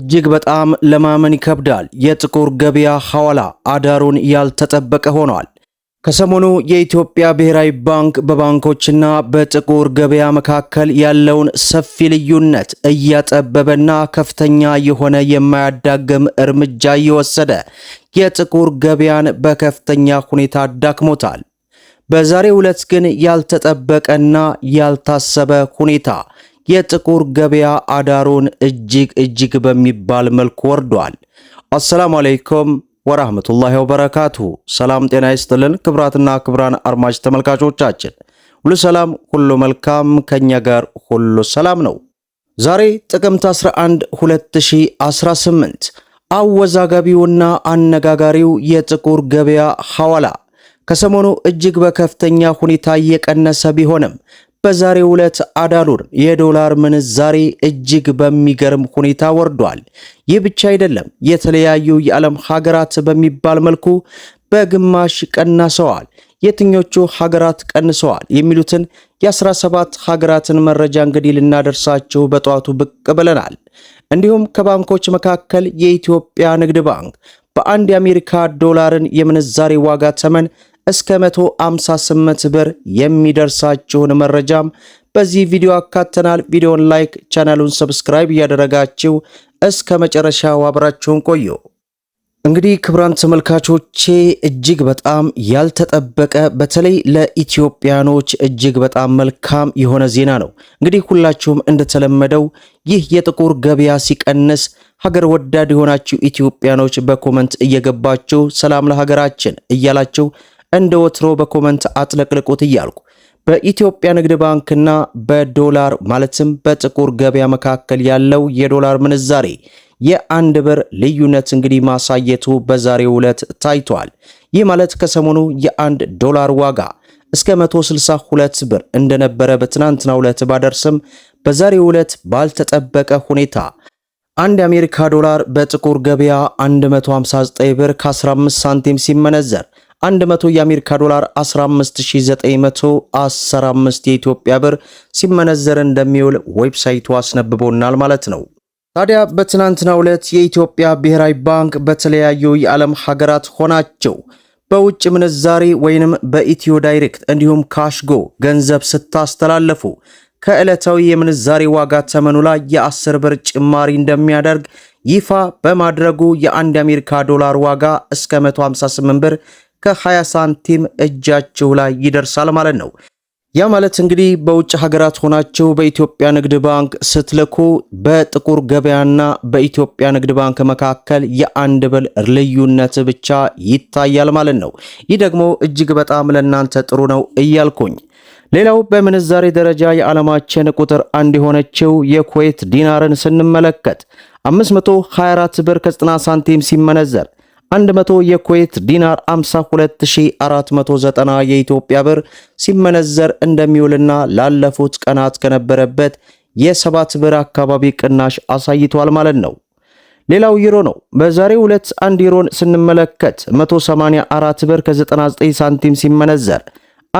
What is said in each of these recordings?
እጅግ በጣም ለማመን ይከብዳል። የጥቁር ገበያ ሐዋላ አዳሩን ያልተጠበቀ ሆኗል። ከሰሞኑ የኢትዮጵያ ብሔራዊ ባንክ በባንኮችና በጥቁር ገበያ መካከል ያለውን ሰፊ ልዩነት እያጠበበና ከፍተኛ የሆነ የማያዳግም እርምጃ እየወሰደ የጥቁር ገበያን በከፍተኛ ሁኔታ አዳክሞታል። በዛሬው ዕለት ግን ያልተጠበቀና ያልታሰበ ሁኔታ የጥቁር ገበያ አዳሩን እጅግ እጅግ በሚባል መልኩ ወርዷል። አሰላሙ አለይኩም ወራህመቱላሂ ወበረካቱ። ሰላም ጤና ይስጥልን ክብራትና ክብራን አድማጭ ተመልካቾቻችን ሁሉ ሰላም ሁሉ መልካም፣ ከኛ ጋር ሁሉ ሰላም ነው። ዛሬ ጥቅምት 11 2018 አወዛጋቢውና አነጋጋሪው የጥቁር ገበያ ሐዋላ ከሰሞኑ እጅግ በከፍተኛ ሁኔታ እየቀነሰ ቢሆንም በዛሬው ዕለት አዳሉር የዶላር ምንዛሬ እጅግ በሚገርም ሁኔታ ወርዷል። ይህ ብቻ አይደለም፣ የተለያዩ የዓለም ሀገራት በሚባል መልኩ በግማሽ ቀናሰዋል። የትኞቹ ሀገራት ቀንሰዋል የሚሉትን የ17 ሀገራትን መረጃ እንግዲህ ልናደርሳችሁ በጠዋቱ ብቅ ብለናል። እንዲሁም ከባንኮች መካከል የኢትዮጵያ ንግድ ባንክ በአንድ የአሜሪካ ዶላርን የምንዛሬ ዋጋ ተመን እስከ 158 ብር የሚደርሳችሁን መረጃም በዚህ ቪዲዮ አካተናል። ቪዲዮን ላይክ፣ ቻናሉን ሰብስክራይብ እያደረጋችሁ እስከ መጨረሻው አብራችሁን ቆዩ። እንግዲህ ክብራን ተመልካቾቼ እጅግ በጣም ያልተጠበቀ በተለይ ለኢትዮጵያኖች እጅግ በጣም መልካም የሆነ ዜና ነው። እንግዲህ ሁላችሁም እንደተለመደው ይህ የጥቁር ገበያ ሲቀንስ ሀገር ወዳድ የሆናችሁ ኢትዮጵያኖች በኮመንት እየገባችሁ ሰላም ለሀገራችን እያላችሁ እንደ ወትሮ በኮመንት አጥለቅልቁት እያልኩ በኢትዮጵያ ንግድ ባንክና በዶላር ማለትም በጥቁር ገበያ መካከል ያለው የዶላር ምንዛሬ የአንድ ብር ልዩነት እንግዲህ ማሳየቱ በዛሬው ዕለት ታይቷል። ይህ ማለት ከሰሞኑ የአንድ ዶላር ዋጋ እስከ 162 ብር እንደነበረ በትናንትናው ዕለት ባደርስም በዛሬው ዕለት ባልተጠበቀ ሁኔታ አንድ የአሜሪካ ዶላር በጥቁር ገበያ 159 ብር ከ15 ሳንቲም ሲመነዘር 100 የአሜሪካ ዶላር 15915 የኢትዮጵያ ብር ሲመነዘር እንደሚውል ዌብሳይቱ አስነብቦናል ማለት ነው። ታዲያ በትናንትናው ዕለት የኢትዮጵያ ብሔራዊ ባንክ በተለያዩ የዓለም ሀገራት ሆናቸው በውጭ ምንዛሬ ወይንም በኢትዮ ዳይሬክት እንዲሁም ካሽጎ ገንዘብ ስታስተላለፉ ከዕለታዊ የምንዛሬ ዋጋ ተመኑ ላይ የአስር ብር ጭማሪ እንደሚያደርግ ይፋ በማድረጉ የአንድ አሜሪካ ዶላር ዋጋ እስከ 158 ብር ከ20 ሳንቲም እጃችሁ ላይ ይደርሳል ማለት ነው። ያ ማለት እንግዲህ በውጭ ሀገራት ሆናችሁ በኢትዮጵያ ንግድ ባንክ ስትልኩ በጥቁር ገበያና በኢትዮጵያ ንግድ ባንክ መካከል የአንድ በል ልዩነት ብቻ ይታያል ማለት ነው። ይህ ደግሞ እጅግ በጣም ለእናንተ ጥሩ ነው እያልኩኝ ሌላው በምንዛሬ ደረጃ የዓለማችን ቁጥር አንድ የሆነችው የኩዌት ዲናርን ስንመለከት 524 ብር ከ90 ሳንቲም ሲመነዘር 100 የኩዌት ዲናር 52490 የኢትዮጵያ ብር ሲመነዘር እንደሚውልና ላለፉት ቀናት ከነበረበት የሰባት ብር አካባቢ ቅናሽ አሳይቷል ማለት ነው። ሌላው ዩሮ ነው። በዛሬው ዕለት አንድ ዩሮን ስንመለከት 184 ብር ከ99 ሳንቲም ሲመነዘር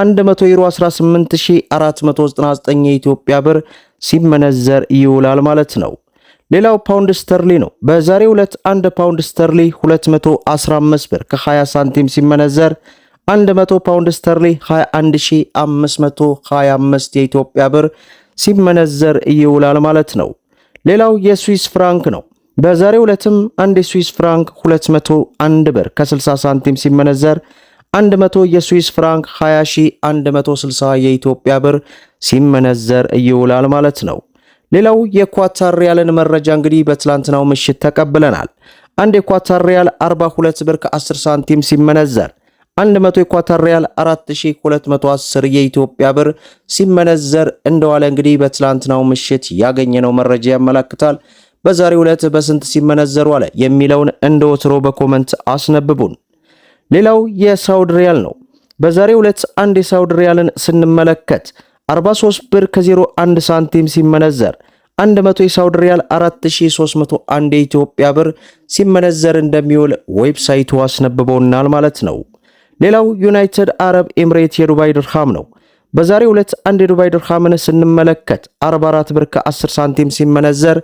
100 ዩሮ 18499 የኢትዮጵያ ብር ሲመነዘር ይውላል ማለት ነው። ሌላው ፓውንድ ስተርሊ ነው። በዛሬው ዕለት አንድ ፓውንድ ስተርሊ 215 ብር ከ20 ሳንቲም ሲመነዘር 100 ፓውንድ ስተርሊ 21525 የኢትዮጵያ ብር ሲመነዘር ይውላል ማለት ነው። ሌላው የስዊስ ፍራንክ ነው። በዛሬው ዕለትም አንድ የስዊስ ፍራንክ 201 ብር ከ60 ሳንቲም ሲመነዘር 100 የስዊስ ፍራንክ 20160 የኢትዮጵያ ብር ሲመነዘር ይውላል ማለት ነው። ሌላው የኳታር ሪያልን መረጃ እንግዲህ በትላንትናው ምሽት ተቀብለናል። አንድ የኳታር ሪያል 42 ብር ከ10 ሳንቲም ሲመነዘር 100 የኳታር ሪያል 4210 የኢትዮጵያ ብር ሲመነዘር እንደዋለ እንግዲህ በትላንትናው ምሽት ያገኘነው መረጃ ያመላክታል። በዛሬው ዕለት በስንት ሲመነዘር ዋለ የሚለውን እንደ ወትሮ በኮመንት አስነብቡን። ሌላው የሳውድ ሪያል ነው። በዛሬው ዕለት አንድ የሳውድ ሪያልን ስንመለከት 43 ብር ከ01 ሳንቲም ሲመነዘር 100 የሳውዲ ሪያል 4301 የኢትዮጵያ ብር ሲመነዘር እንደሚውል ዌብሳይቱ አስነብበውናል ማለት ነው። ሌላው ዩናይትድ አረብ ኤምሬት የዱባይ ድርሃም ነው። በዛሬ ሁለት አንድ የዱባይ ድርሃምን ስንመለከት 44 ብር ከ10 ሳንቲም ሲመነዘር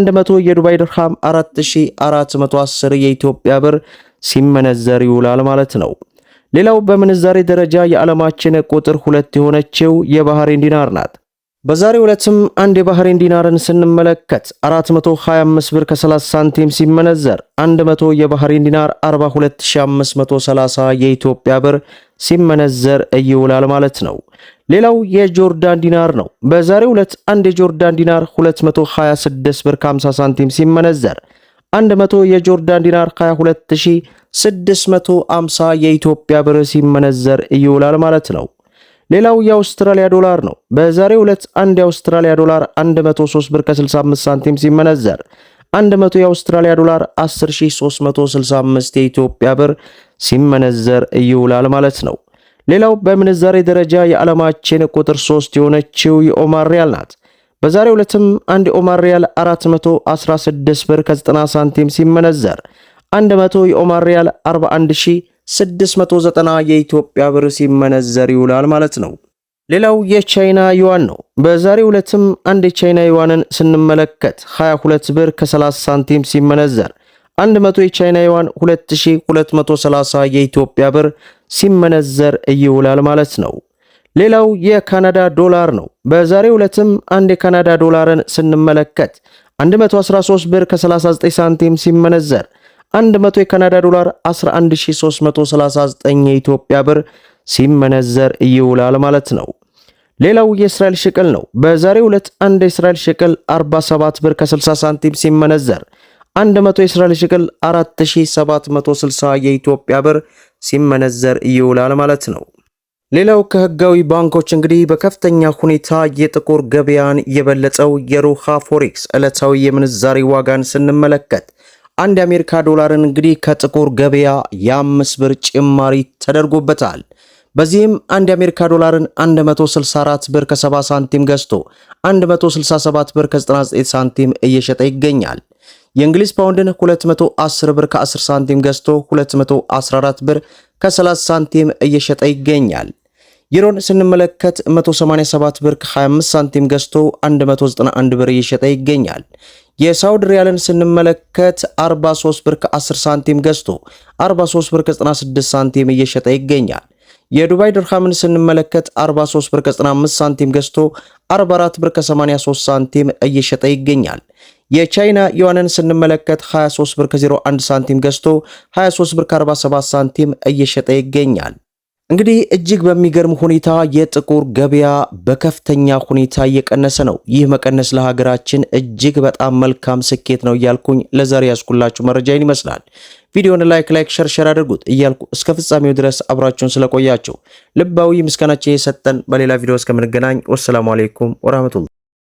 100 የዱባይ ድርሃም 4410 የኢትዮጵያ ብር ሲመነዘር ይውላል ማለት ነው። ሌላው በምንዛሬ ደረጃ የዓለማችን ቁጥር ሁለት የሆነችው የባህሬን ዲናር ናት። በዛሬ ዕለትም አንድ የባህሬን ዲናርን ስንመለከት 425 ብር ከ30 ሳንቲም ሲመነዘር 100 የባህሬን ዲናር 42530 የኢትዮጵያ ብር ሲመነዘር ይውላል ማለት ነው። ሌላው የጆርዳን ዲናር ነው። በዛሬ ዕለት አንድ የጆርዳን ዲናር 226 ብር ከ50 ሳንቲም ሲመነዘር 100 የጆርዳን ዲናር 22650 የኢትዮጵያ ብር ሲመነዘር ይውላል ማለት ነው። ሌላው የአውስትራሊያ ዶላር ነው። በዛሬው ዕለት አንድ የአውስትራሊያ ዶላር 103 ብር ከ65 ሳንቲም ሲመነዘር 100 የአውስትራሊያ ዶላር 10365 የኢትዮጵያ ብር ሲመነዘር ይውላል ማለት ነው። ሌላው በምንዛሬ ደረጃ የዓለማችን ቁጥር 3 የሆነችው የኦማር ሪያል ናት። በዛሬው ዕለትም አንድ የኦማር ሪያል 416 ብር ከ90 ሳንቲም ሲመነዘር 100 የኦማር ሪያል 41690 የኢትዮጵያ ብር ሲመነዘር ይውላል ማለት ነው። ሌላው የቻይና ዩዋን ነው። በዛሬው ዕለትም አንድ የቻይና ዩዋንን ስንመለከት 22 ብር ከ30 ሳንቲም ሲመነዘር 100 የቻይና ዩዋን 2230 የኢትዮጵያ ብር ሲመነዘር ይውላል ማለት ነው። ሌላው የካናዳ ዶላር ነው። በዛሬው ዕለትም አንድ የካናዳ ዶላርን ስንመለከት 113 ብር ከ39 ሳንቲም ሲመነዘር 100 የካናዳ ዶላር 11339 የኢትዮጵያ ብር ሲመነዘር ይውላል ማለት ነው። ሌላው የእስራኤል ሽቅል ነው። በዛሬው ዕለት አንድ የእስራኤል ሽቅል 47 ብር ከ60 ሳንቲም ሲመነዘር 100 የእስራኤል ሽቅል 4760 የኢትዮጵያ ብር ሲመነዘር ይውላል ማለት ነው። ሌላው ከህጋዊ ባንኮች እንግዲህ በከፍተኛ ሁኔታ የጥቁር ገበያን የበለጠው የሩሃ ፎሬክስ ዕለታዊ የምንዛሬ ዋጋን ስንመለከት አንድ የአሜሪካ ዶላርን እንግዲህ ከጥቁር ገበያ የአምስት ብር ጭማሪ ተደርጎበታል። በዚህም አንድ የአሜሪካ ዶላርን 164 ብር ከ70 ሳንቲም ገዝቶ 167 ብር ከ99 ሳንቲም እየሸጠ ይገኛል። የእንግሊዝ ፓውንድን 210 ብር ከ10 ሳንቲም ገዝቶ 214 ብር ከ30 ሳንቲም እየሸጠ ይገኛል። ዩሮን ስንመለከት 187 ብር 25 ሳንቲም ገዝቶ 191 ብር እየሸጠ ይገኛል። የሳውዲ ሪያልን ስንመለከት 43 ብር 10 ሳንቲም ገዝቶ 43 ብር 96 ሳንቲም እየሸጠ ይገኛል። የዱባይ ድርሃምን ስንመለከት 43 ብር 95 ሳንቲም ገዝቶ 44 ብር 83 ሳንቲም እየሸጠ ይገኛል። የቻይና ዩዋንን ስንመለከት 23 ብር 01 ሳንቲም ገዝቶ 23 ብር 47 ሳንቲም እየሸጠ ይገኛል። እንግዲህ እጅግ በሚገርም ሁኔታ የጥቁር ገበያ በከፍተኛ ሁኔታ እየቀነሰ ነው። ይህ መቀነስ ለሀገራችን እጅግ በጣም መልካም ስኬት ነው እያልኩኝ ለዛሬ ያስኩላችሁ መረጃን ይመስላል። ቪዲዮን ላይክ ላይክ ሸር አድርጉት እያልኩ እስከ ፍጻሜው ድረስ አብራችሁን ስለቆያችሁ ልባዊ ምስጋናችን የሰጠን በሌላ ቪዲዮ እስከምንገናኝ ወሰላሙ አሌይኩም ወራህመቱላ